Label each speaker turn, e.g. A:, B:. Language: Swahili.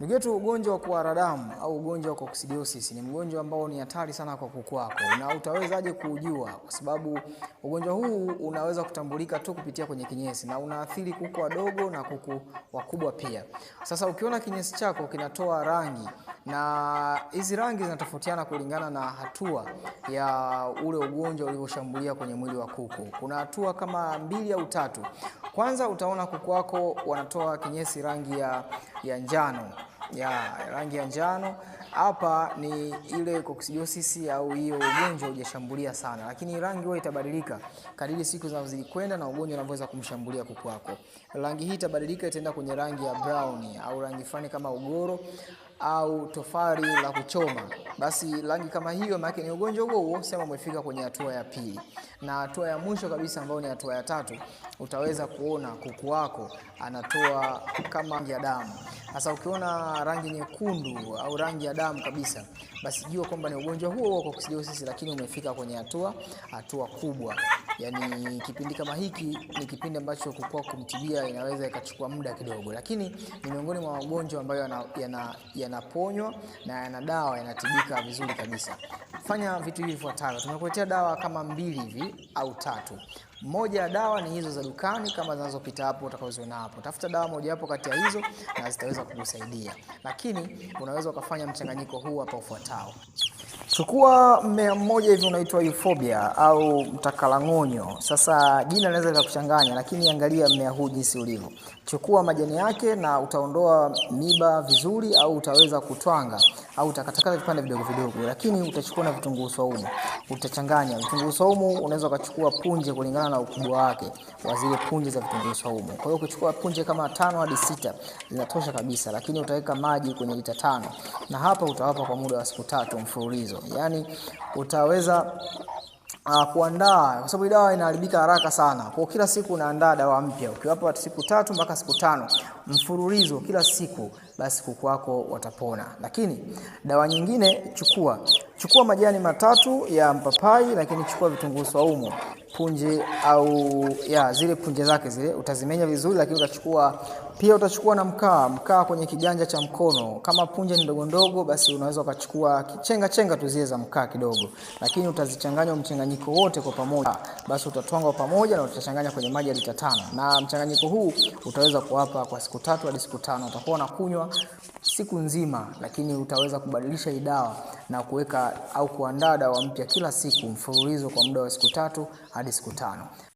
A: Ndugu yetu, ugonjwa wa kuhara damu au ugonjwa wa coccidiosis ni mgonjwa ambao ni hatari sana kwa kuku wako, na utawezaje kuujua? Kwa sababu ugonjwa huu unaweza kutambulika tu kupitia kwenye kinyesi na unaathiri kuku wadogo na kuku wakubwa pia. Sasa ukiona kinyesi chako kinatoa rangi na hizi rangi zinatofautiana kulingana na hatua ya ule ugonjwa ulivyoshambulia kwenye mwili wa kuku. Kuna hatua kama mbili au tatu. Kwanza utaona kuku wako wanatoa kinyesi rangi ya, ya njano ya rangi ya njano. Hapa ni ile coccidiosis au hiyo ugonjwa hujashambulia sana, lakini rangi huwa itabadilika kadiri siku zinavyozidi kwenda na ugonjwa unavyoweza kumshambulia kuku wako. Rangi hii itabadilika, itaenda kwenye rangi ya brown au rangi fulani kama ugoro au tofari la kuchoma, basi rangi kama hiyo maana ni ugonjwa huo huo, sema umefika kwenye hatua ya pili. Na hatua ya mwisho kabisa ambayo ni hatua ya tatu, utaweza kuona kuku wako anatoa kama rangi ya damu. Sasa ukiona rangi nyekundu au rangi ya damu kabisa, basi jua kwamba ni ugonjwa huo huo sisi lakini umefika kwenye hatua hatua kubwa yani kipindi kama hiki ni kipindi ambacho kukua kumtibia inaweza ikachukua muda kidogo, lakini ni miongoni mwa magonjwa ambayo yanaponywa yana, yana na yana dawa yanatibika vizuri kabisa. Fanya vitu hivi vifuatavyo. Tumekuletea dawa kama mbili hivi au tatu. Moja ya dawa ni hizo za dukani kama zinazopita hapo utakaoziona hapo. Tafuta dawa moja hapo kati ya hizo na zitaweza kukusaidia, lakini unaweza ukafanya mchanganyiko huu hapa ufuatao.
B: Chukua mmea mmoja hivi unaitwa Euphorbia au mtakalang'onyo. Sasa jina linaweza likakuchanganya, lakini angalia mmea huu jinsi ulivyo. Chukua majani yake na utaondoa miba vizuri, au utaweza kutwanga au utakatakata vipande vidogo vidogo, lakini utachukua na vitunguu saumu, utachanganya vitunguu saumu. Unaweza ukachukua punje kulingana na ukubwa wake wa zile punje za vitunguu saumu. Kwa hiyo ukichukua punje kama tano hadi sita linatosha kabisa, lakini utaweka maji kwenye lita tano na hapa utawapa kwa muda wa siku tatu mfululizo hizo, yani utaweza uh, kuandaa kwa sababu dawa inaharibika haraka sana. Kwa kila siku unaandaa dawa mpya, ukiwapa siku tatu mpaka siku tano mfululizo kila siku, basi kuku wako watapona. Lakini dawa nyingine chukua Chukua majani matatu ya mpapai, lakini chukua vitunguu saumu punje au ya zile punje zake zile, utazimenya vizuri, lakini utachukua pia, utachukua na mkaa, mkaa kwenye kiganja cha mkono. Kama punje ni ndogo ndogo, basi unaweza ukachukua kichenga chenga tu zile za mkaa kidogo, lakini utazichanganya mchanganyiko wote kwa pamoja, basi utatwanga pamoja na utachanganya kwenye maji ya lita tano, na mchanganyiko huu utaweza kuwapa kwa siku tatu hadi siku tano, utakuwa unakunywa siku nzima, lakini utaweza kubadilisha hii dawa na kuweka au kuandaa dawa mpya kila siku mfululizo kwa muda wa siku tatu hadi siku tano.